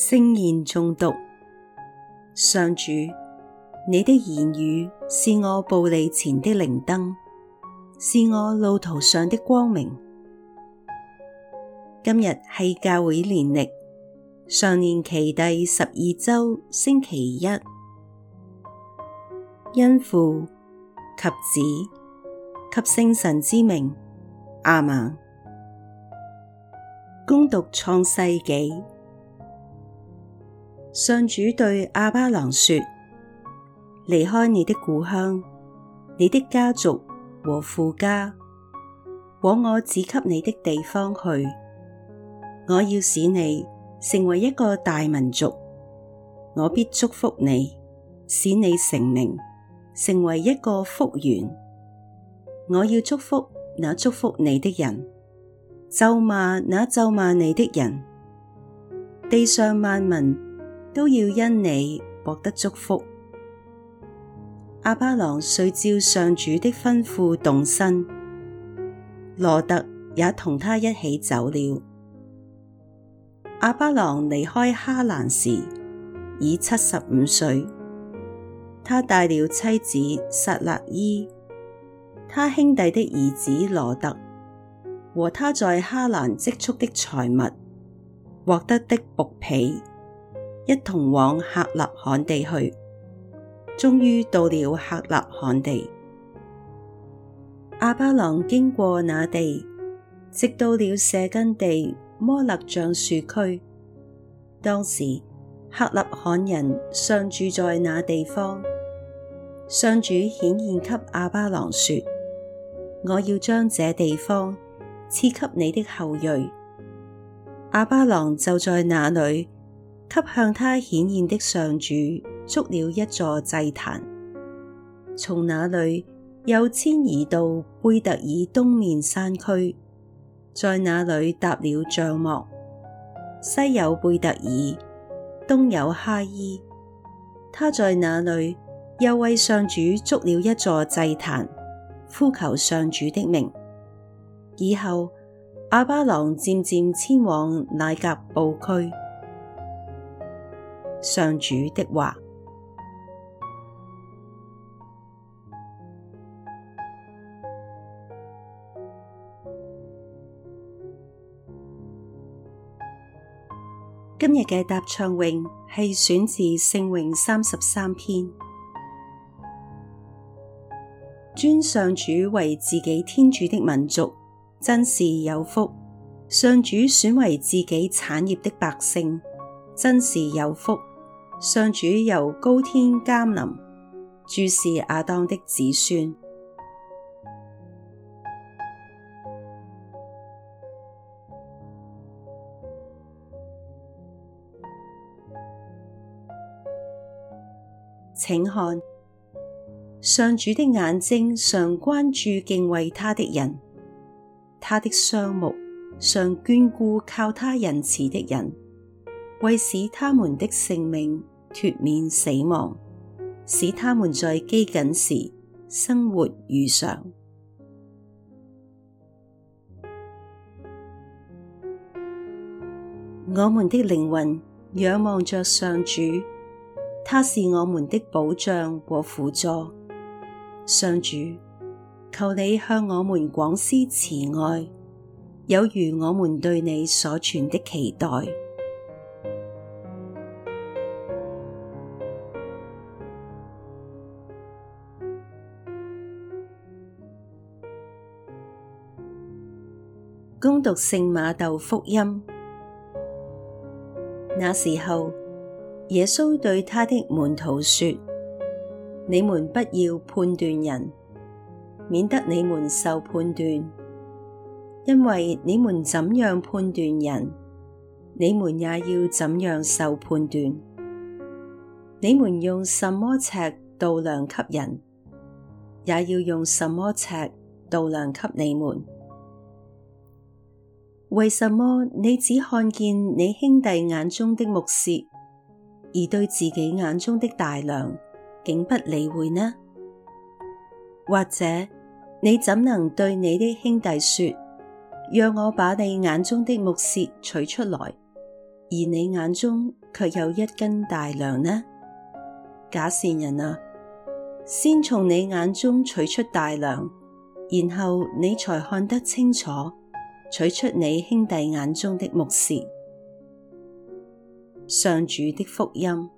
聖言誦讀。上主，你的言語是我步履前的靈燈，是我路途上的光明。今日係教會年曆常年期第十二周星期一，因父及子及聖神之名，阿瑪，恭讀創世紀。上主對亞巴郎說：離開你的故鄉、你的家族和父家，往我指給你的地方去。我要使你成為一個大民族，我必祝福你，使你成名，成為一個福源。我要祝福那祝福你的人，咒罵那咒罵你的人。地上萬民。都要因你獲得祝福。亞巴郎遂照上主的吩咐動身，羅特也同他一起走了。亞巴郎離開哈蘭時已七十五歲，他帶了妻子撒辣依，他兄弟的兒子羅特，和他在哈蘭積蓄的財物，獲得的僕婢。一同往客納罕地去，終於到了客納罕地。亞巴郎經過那地，直到了舍根地摩勒橡樹區。當時客納罕人尚住在那地方，上主顯現給亞巴郎說：我要將這地方賜給你的後裔。亞巴郎就在那裏。給向他顯現的上主築了一座祭壇，從那裏又遷移到貝特耳東面山區，在那裏搭了帳幕。西有貝特耳，東有哈依，他在那裏又為上主築了一座祭壇，呼求上主的名。以後，亞巴郎漸漸遷往乃革布區。上主的話，今日嘅答唱詠係選自聖詠三十三篇。尊上主為自己天主的民族，真是有福；上主選為自己產業的百姓，真是有福。上主由高天監臨，注視亞當的子孫。請看，上主的眼睛常關注敬畏他的人，他的雙目常眷顧靠他仁慈的人。為使他們的性命脫免死亡，使他們在饑饉時，生活如常，我們的靈魂仰望著上主，他是我們的保障和扶助。上主，求你向我們廣施慈愛，有如我們對你所存的期待。恭讀聖馬竇福音，那時候耶穌對他的門徒說：你們不要判斷人，免得你們受判斷。因為你們怎樣判斷人，你們也要怎樣受判斷。你們用什麼尺度量給人，也要用什麼尺度量給你們。為什麼你只看見你兄弟眼中的木屑，而對自己眼中的大梁竟不理會呢？或者你怎能對你的兄弟說：讓我把你眼中的木屑取出來，而你眼中卻有一根大梁呢？假善人啊，先從你眼中取出大梁，然後你才看得清楚。取出你兄弟眼中的木屑，上主的福音。